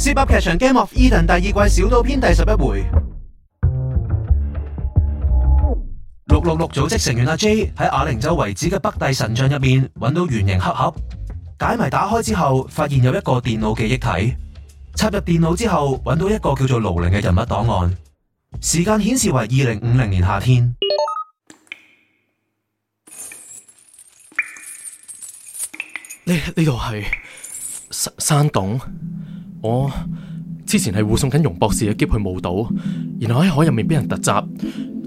《Zip 噏劇場 Game of Eden 第二季小島篇第十一回，六六六組織成員阿、啊、J 喺啞鈴洲遺址嘅北帝神像入面揾到圓形黑盒，解謎打開之後，發現有一個電腦記憶體，插入電腦之後，揾到一個叫做盧零嘅人物檔案，時間顯示為二零五零年夏天。呢呢度係山洞？我之前係護送緊容博士嘅喼去墓島，然後喺海入面俾人突襲，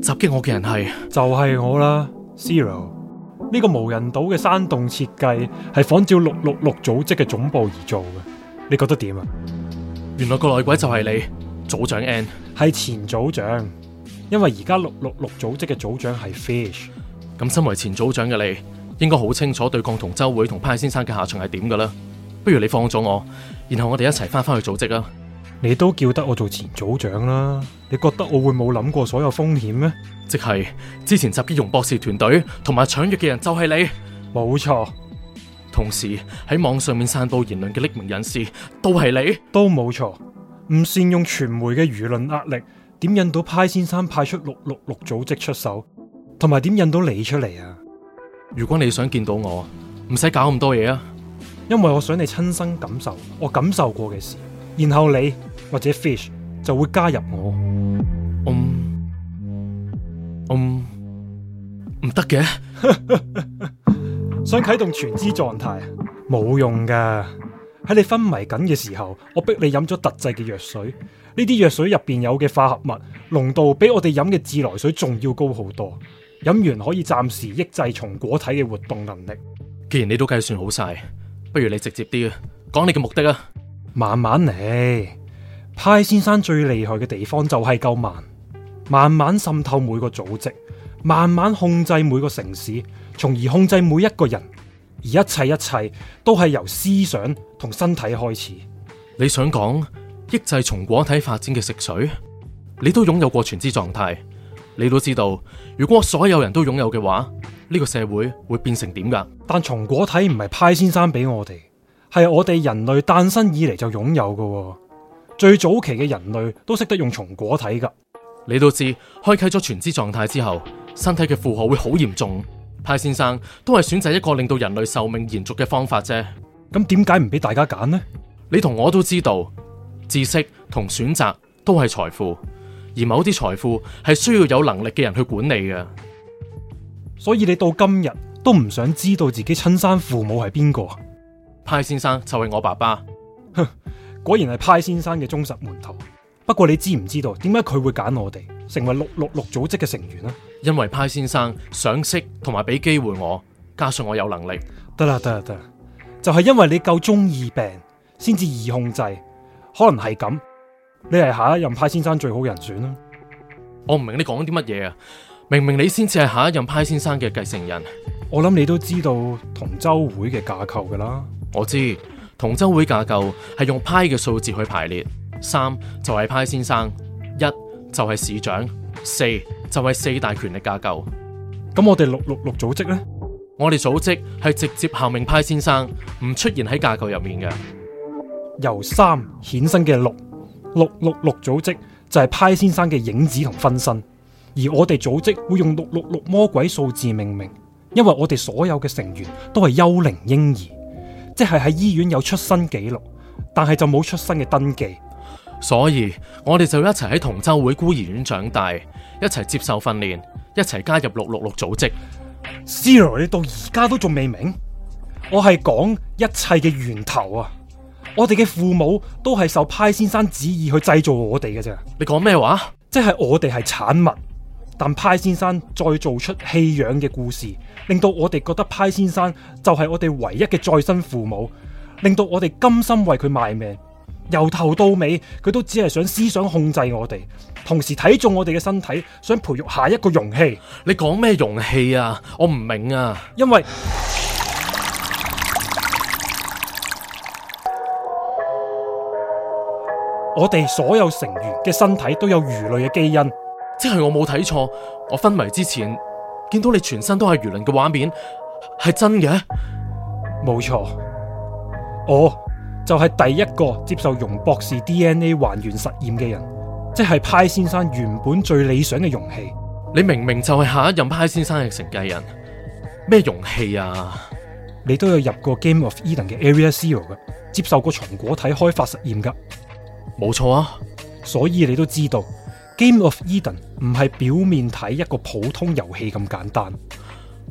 襲擊我嘅人係就係、是、我啦。Zero 呢、這個無人島嘅山洞設計係仿照六六六組織嘅總部而做嘅，你覺得點啊？原來個內鬼就係你，組長 N 係前組長，因為而家六六六組織嘅組長係 Fish。咁身為前組長嘅你，應該好清楚對抗同舟會同 Pi 先生嘅下場係點噶啦。不如你放咗我，然後我哋一齊返返去組織啊。你都叫得我做前組長啦。你覺得我會冇諗過所有風險咩？即係之前襲擊容博士團隊同埋搶藥嘅人就係你，冇錯。同時喺網上面散布言論嘅匿名人士都係你，都冇錯。唔善用傳媒嘅輿論壓力，點引到 Pi 先生派出666組織出手，同埋點引到你出嚟啊？如果你想見到我，唔使搞咁多嘢啊！因為我想你親身感受我感受過嘅事，然後你或者 Fish 就會加入我。嗯、um, 嗯、um,，唔得嘅，想啟動全知狀態冇用噶。喺你昏迷緊嘅時候，我逼你飲咗特製嘅藥水。呢啲藥水入邊有嘅化合物濃度比我哋飲嘅自來水仲要高好多。飲完可以暫時抑制松果體嘅活動能力。既然你都計算好晒。不如你直接啲啊，講你嘅目的啊，慢慢嚟。Pi 先生最厲害嘅地方就係夠慢，慢慢滲透每個組織，慢慢控制每個城市，從而控制每一個人。而一切一切都係由思想同身體開始。你想講抑制松果體發展嘅食水？你都擁有過全知狀態。你都知道，如果所有人都擁有嘅話，呢個社會會變成點噶但松果體唔係 Pi 先生俾我哋，係我哋人類誕生以嚟就擁有噶最早期嘅人類都識得用松果體噶你都知，開啟咗全知狀態之後，身體嘅負荷會好嚴重。Pi 先生都係選擇一個令到人類壽命延續嘅方法啫。咁點解唔俾大家揀呢？你同我都知道，知識同選擇都係財富。而某啲財富係需要有能力嘅人去管理嘅，所以你到今日都唔想知道自己親生父母係邊個？派先生就係我爸爸。哼，果然係派先生嘅忠實門徒。不過你知唔知道點解佢會揀我哋成為六六六組織嘅成員呢？因為派先生賞識同埋俾機會我，加上我有能力。得啦得啦得，就係因為你夠中二病，先至易控制，可能係咁。你係下一任派先生最好人選啦、啊！我唔明你講啲乜嘢啊？明明你先至係下一任派先生嘅繼承人，我諗你都知道同舟會嘅架構噶啦。我知同舟會架構係用派嘅數字去排列，三就係派先生，一就係市長，四就係四大權力架構。咁我哋六六六組織呢？我哋組織係直接效命派先生，唔出現喺架構入面嘅，由三衍生嘅六。六六六組織就係 Pi 先生嘅影子同分身，而我哋組織會用六六六魔鬼數字命名，因為我哋所有嘅成員都係幽靈嬰兒，即係喺醫院有出生記錄，但係就冇出生嘅登記，所以我哋就一齊喺同舟會孤兒院長大，一齊接受訓練，一齊加入六六六組織。Zero，你到而家都仲未明？我係講一切嘅源頭啊！我哋嘅父母都係受派先生旨意去製造我哋嘅啫。你講咩話？即係我哋係產物，但派先生再做出棄養嘅故事，令到我哋覺得派先生就係我哋唯一嘅再生父母，令到我哋甘心為佢賣命。由頭到尾，佢都只係想思想控制我哋，同時睇中我哋嘅身體，想培育下一個容器。你講咩容器啊？我唔明啊，因為。我哋所有成員嘅身體都有魚類嘅基因，即係我冇睇錯。我昏迷之前見到你全身都係魚鱗嘅畫面，係真嘅？冇錯，我就係第一個接受容博士 DNA 還原實驗嘅人，即係 Pi 先生原本最理想嘅容器。你明明就係下一任 Pi 先生嘅承繼人，咩容器啊？你都有入過 Game of Eden 嘅 Area Zero 㗎，接受過松果體開發實驗㗎。冇錯啊，所以你都知道《Game of Eden》唔係表面睇一個普通遊戲咁簡單。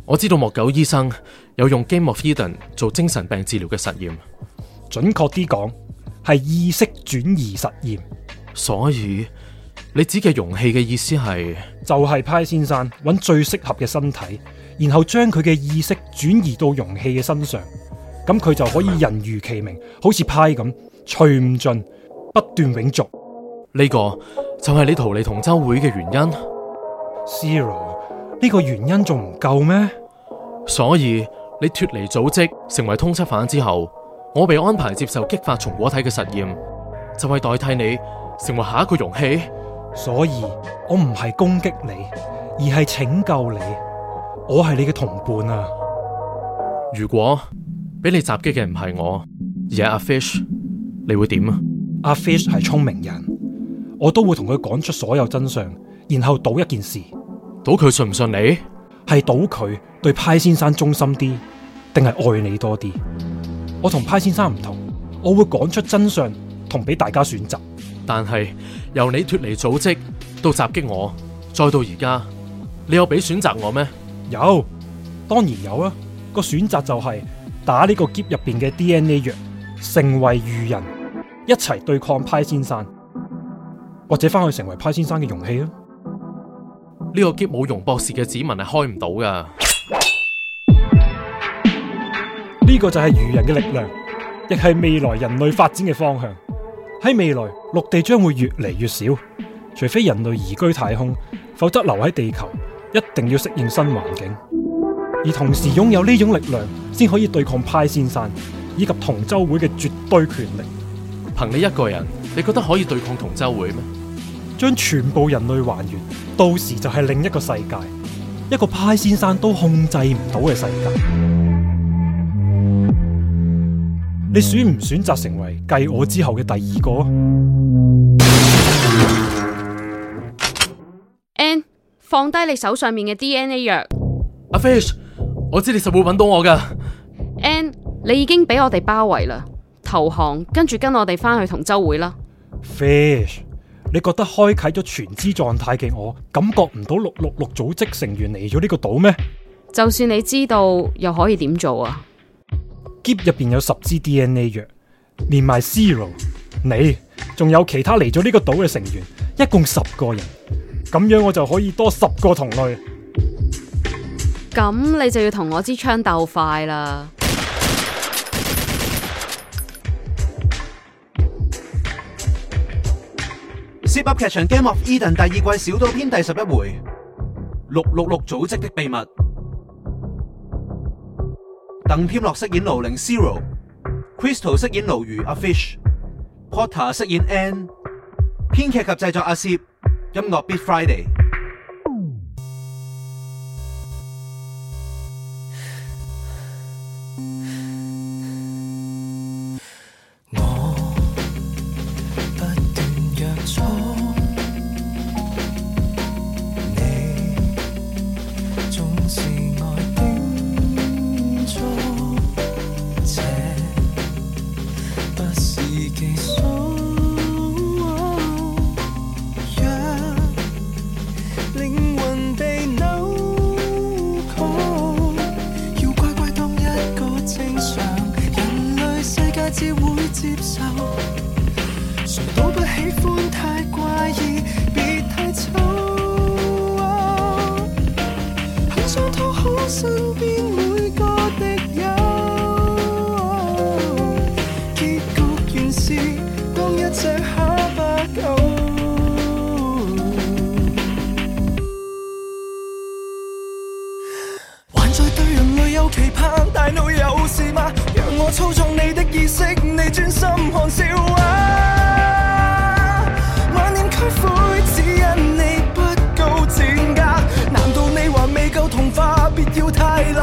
我知道莫九醫生有用《Game of Eden》做精神病治療嘅實驗，準確啲講，係意識轉移實驗。所以你指嘅容器嘅意思係就係、是、派先生揾最適合嘅身體，然後將佢嘅意識轉移到容器嘅身上，咁佢就可以人如其名，好似派咁除唔盡，不斷永續呢個就係你逃離同舟會嘅原因。Zero 呢個原因仲唔夠咩？所以你脱離組織成為通緝犯之後，我被安排接受激發松果體嘅實驗，就係代替你成為下一個容器。所以我唔係攻擊你，而係拯救你。我係你嘅同伴啊！如果俾你襲擊嘅唔係我，而係阿 Fish，你會點啊？阿 Fish 係聰明人，我都會同佢講出所有真相，然後賭一件事，賭佢信唔信你，係賭佢對 Pi 先生忠心啲，定係愛你多啲。我同 Pi 先生唔同，我會講出真相，同俾大家選擇。但係由你脱離組織到襲擊我，再到而家，你有俾選擇我咩？有，當然有啦。個選擇就係打呢個喼入邊嘅 DNA 藥，成為魚人。一齊對抗 Pi 先生，或者返去成為 Pi 先生嘅容器啦。呢個 key 無容博士嘅指紋係開唔到㗎。呢個就係魚人嘅力量，亦係未來人類發展嘅方向。喺未來，陸地將會越嚟越少，除非人類移居太空，否則留喺地球一定要適應新環境。而同時擁有呢種力量，先可以對抗 Pi 先生以及同舟會嘅絕對權力。憑你一個人，你覺得可以對抗同舟會咩？將全部人類還原，到時就係另一個世界，一個 Pi 先生都控制唔到嘅世界。你選唔選擇成為繼我之後嘅第二個？N，放低你手上面嘅 DNA 藥。阿 Fish，我知你實會搵到我㗎。N，你已經俾我哋包圍啦。投降，跟住跟我哋翻去同舟會啦。Fish，你覺得開啟咗全知狀態嘅我，感覺唔到六六六組織成員嚟咗呢個島咩？就算你知道，又可以點做啊？喼入邊有十支 DNA 藥，連埋 Zero，你，仲有其他嚟咗呢個島嘅成員，一共十個人，咁樣我就可以多十個同類。咁你就要同我支槍鬥快啦。Zip 噏劇場 Game of Eden 第二季，小島篇，第十一回，六六六組織的秘密。鄧添樂飾演盧零 Zero，crystal 飾演鱸魚阿 fish，Potter 飾演 Ann，編劇及製作阿 Zip，音樂 Big Friday